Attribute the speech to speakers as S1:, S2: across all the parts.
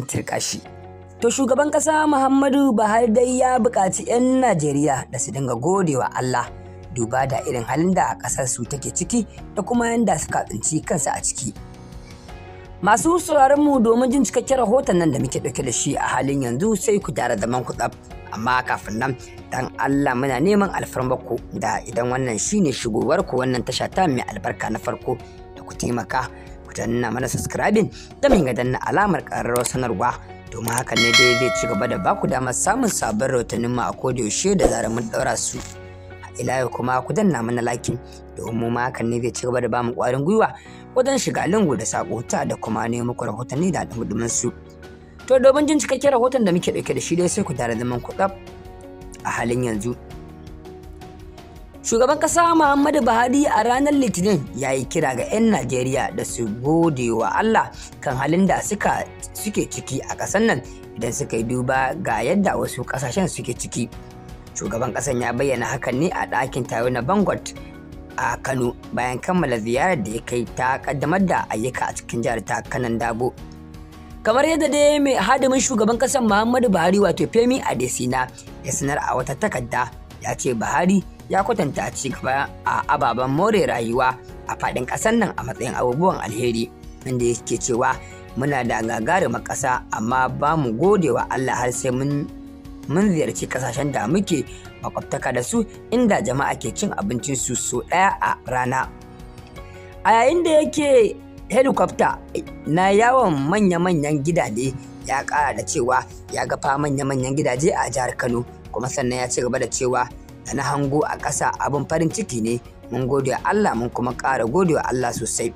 S1: in tirka shi to shugaban ƙasa muhammadu buhari dai ya buƙaci 'yan najeriya da su dinga godewa allah duba da irin halin da ƙasar su take ciki da kuma yadda suka tsinci kansu a ciki masu sauraron mu domin jin cikakken rahoton nan da muke ɗauke da shi a halin yanzu sai ku gyara zaman ku tsaf amma kafin nan dan Allah muna neman alfarmarku da idan wannan shine shigowar ku wannan tasha ta mai albarka na farko da ku taimaka ku danna mana subscribing da mun ga danna alamar ƙararrawar sanarwa domin hakan ne dai zai ci gaba da baku damar samun sabon rahotannin mu a kodayaushe da zarar mun ɗaura su. ila yau kuma ku danna mana lakin domin ma hakan ne zai ci gaba da bamu kwarin gwiwa wajen shiga lingu da ta, da kuma ne muku rahotanni da al'umudumin su to domin jin cikakken rahoton da muke dauke da shi dai sai ku tare zaman ku a halin yanzu Shugaban ƙasa Muhammadu Buhari a ranar Litinin ya yi kira ga 'yan Najeriya da su gode wa Allah kan halin da suke ciki a ƙasar nan idan suka yi duba ga yadda wasu ƙasashen suke ciki. Shugaban ƙasar ya bayyana hakan ne a ɗakin taro na Bangot a Kano bayan kammala ziyarar da ya kai ta kaddamar da ayyuka a cikin jihar ta Kanan Dago. kamar yadda dai mai hadimin shugaban ƙasar muhammadu buhari wato femi adesina ya sanar a wata takarda ya ce buhari ya kwatanta ci gaba a ababen more rayuwa a faɗin ƙasar nan a matsayin abubuwan alheri inda yake cewa muna da gagarumar ƙasa amma ba mu godewa Allah har sai mun mun ziyarci ƙasashen da muke makwabtaka da su inda jama'a ke cin abincin su so ɗaya a rana a yayin da yake helikwafta na yawon manya-manyan gidaje ya ƙara da cewa ya gafa manya-manyan gidaje a jihar kano kuma sannan ya ci gaba da cewa da na hango a ƙasa abin farin ciki ne mun gode Allah mun kuma ƙara gode wa Allah sosai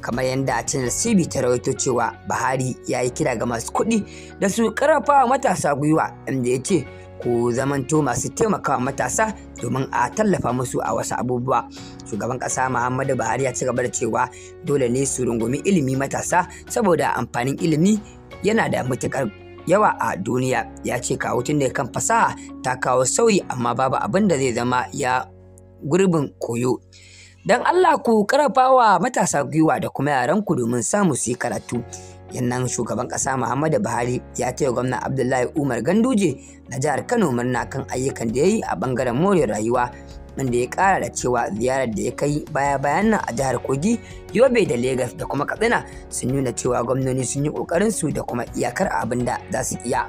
S1: kamar yadda channel CB ta rawaito cewa Buhari ya yi kira ga masu kuɗi da su ƙarfafa matasa gwiwa inda ya ce ku zamanto masu taimakawa matasa domin a tallafa musu a wasu abubuwa shugaban ƙasa Muhammadu Buhari ya ci gaba da cewa dole ne su rungumi ilimi matasa saboda amfanin ilimi yana da matuƙar yawa a duniya ya ce kawo tun da kan fasaha ta kawo sauyi amma babu abin da zai zama ya gurbin koyo don allah ku karfawa matasa gwiwa da kuma yaran ku domin samu su yi karatu yannan shugaban kasa muhammadu buhari ya taya gwamna abdullahi umar ganduje na jihar kano murna kan ayyukan da ya yi a bangaren more rayuwa wanda ya kara da cewa ziyarar da ya kai baya bayan nan a jihar kogi yobe da Legas da kuma katsina sun nuna cewa gwamnoni sun yi kokarin su da kuma iyakar abin da za su iya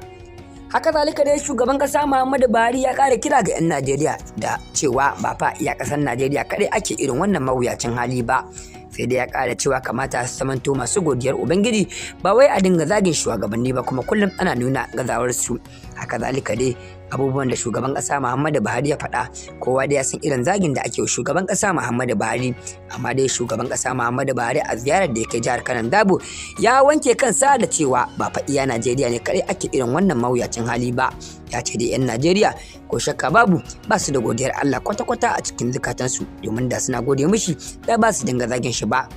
S1: haka zalika dai shugaban kasa muhammadu buhari ya kara kira ga 'yan najeriya da cewa ba fa iya kasar najeriya kadai ake irin wannan mawuyacin hali ba sai dai ya kara cewa kamata su samanto masu godiyar ubangiji ba wai a dinga zagin shugabanni ba kuma kullum ana nuna gazawar su haka zalika dai abubuwan da shugaban ƙasa Muhammadu Buhari ya faɗa kowa da ya san irin zagin da ake shugaban ƙasa Muhammadu Buhari amma dai shugaban kasa Muhammadu Buhari a ziyarar da ya kai jihar Kano Dabo ya wanke kansa da cewa ba fa iya Najeriya ne kare ake irin wannan mawuyacin hali ba ya ce dai 'yan Najeriya ko shakka babu ba su da godiyar Allah kwata-kwata a cikin zukatansu domin da suna gode mishi da ba su dinga zagin shi ba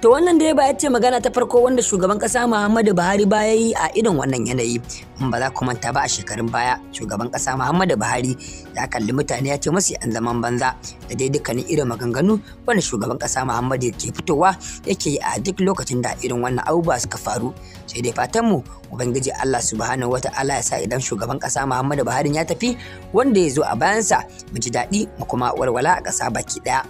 S1: To wannan dai ba ya ce magana ta farko wanda shugaban kasa Muhammadu Buhari baya yi a irin wannan yanayi. In ba za ku manta ba a shekarun baya shugaban kasa Muhammadu Buhari ya kalli mutane ya ce masu yan zaman banza da dai dukkanin irin maganganu wanda shugaban kasa Muhammadu ke fitowa yake yi a duk lokacin da irin wannan abubuwa suka faru. Sai dai fatan mu Ubangiji Allah subhanahu wata'ala ya sa idan shugaban kasa Muhammadu Buhari ya tafi wanda ya zo a bayansa mu ji daɗi mu kuma walwala a ƙasa baki ɗaya.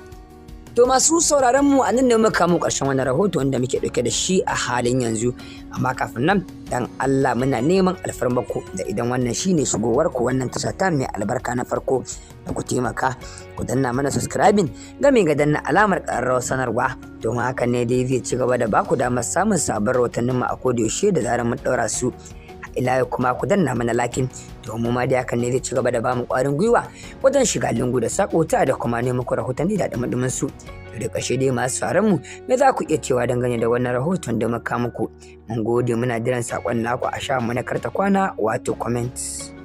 S1: To masu sauraron mu a nan ne muka mu ƙarshen wani rahoto wanda muke ɗauke da shi a halin yanzu. Amma kafin nan dan Allah muna neman alfarmar ku da idan wannan shine shigowar ku wannan tasha ta mai albarka na farko da ku taimaka ku danna mana subscribing game ga danna alamar ƙararrawar sanarwa domin haka ne dai zai ci gaba da baku damar samun sabon rahotannin mu a koda yaushe da zarar mun ɗaura su. ila kuma ku danna mana lakin domin ma da hakan ne zai ci gaba da bamu kwarin gwiwa wajen shiga lungu da sakota da kuma neman ku rahotanni da dumadumin su da kashe dai masu tsaron mu me za ku iya cewa dangane da wannan rahoton da muka muku mun gode muna jiran sakon naku a sha mu karta kwana wato comments